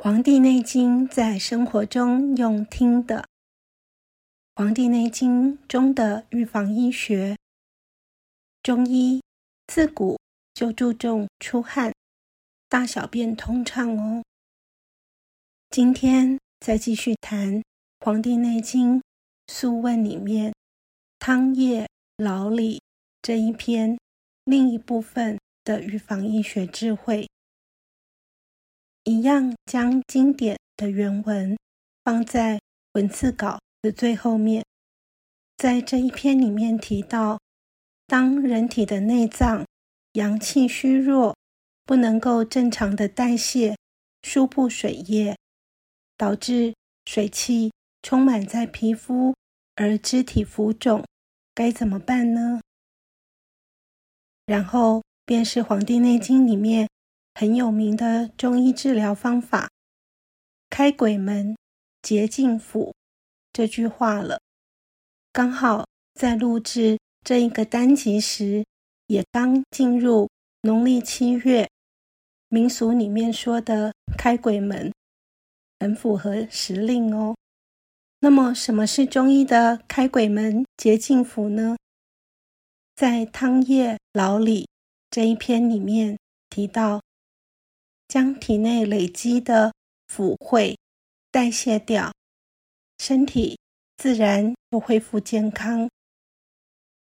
《黃帝內經》在生活中用聽的，《黃帝內經》中的預防醫學，中醫自古就注重出汗、大小便通暢哦。今天再繼續談《黃帝內經·素問》裡面“湯液醪醴”這一篇，另一部分的預防醫學智慧。一樣將經典的原文放在文字稿的最後面。在這一篇裡面提到，當人體的內臟陽氣虛弱，不能夠正常的代謝輸布水液，導致水氣充滿在皮膚而肢體浮腫，該怎麼辦呢？然後便是《黃帝內經》裡面。很有名的中醫治療方法“開鬼門、潔淨府”這句話了。剛好在錄製這一個單集時，也剛進入農曆七月，民俗裡面說的“開鬼門”很符合時令哦。那麼，什麼是中醫的“開鬼門、潔淨府”呢？在湯液醪醴這一篇裡面提到。將體內累積的腐穢代謝掉，身體自然就恢復健康。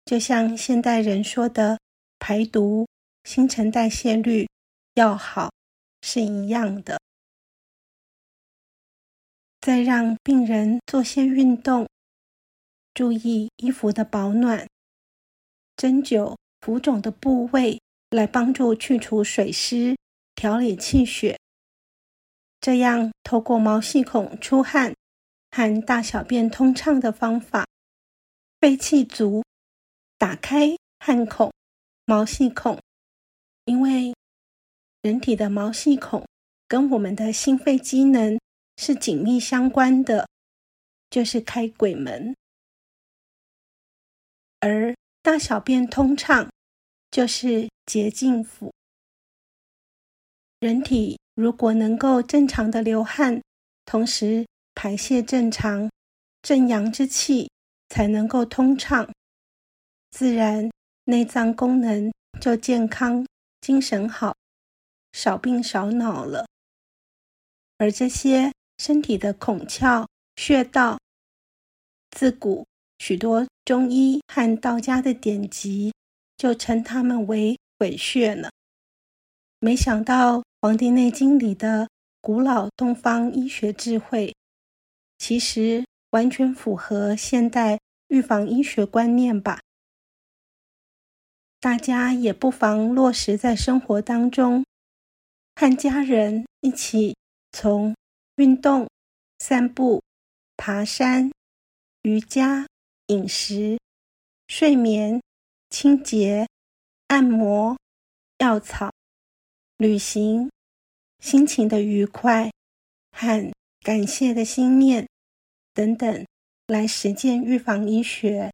就像現代人說的“排毒”，新陳代謝率要好是一樣的。再讓病人做些運動，注意衣服的保暖，針灸浮腫的部位，來幫助去除水濕。調理氣血，這樣透過毛細孔出汗和大小便通暢的方法，肺氣足，打開汗孔、毛細孔。因為人體的毛細孔跟我們的心肺機能是緊密相關的，就是開鬼門。而大小便通暢，就是潔淨府。人體如果能夠正常的流汗，同時排泄正常，正陽之氣才能夠通暢，自然內臟功能就健康，精神好，少病少惱了。而這些身體的孔竅、穴道，自古許多中醫和道家的典籍就稱它們為鬼穴呢。沒想到。《黃帝內經》裡的古老東方醫學智慧，其實完全符合現代預防醫學觀念吧？大家也不妨落實在生活當中，和家人一起從運動、散步、爬山、瑜伽、飲食、睡眠、清潔、按摩、藥草。旅行、心情的愉快和感謝的心念等等，來實踐預防醫學。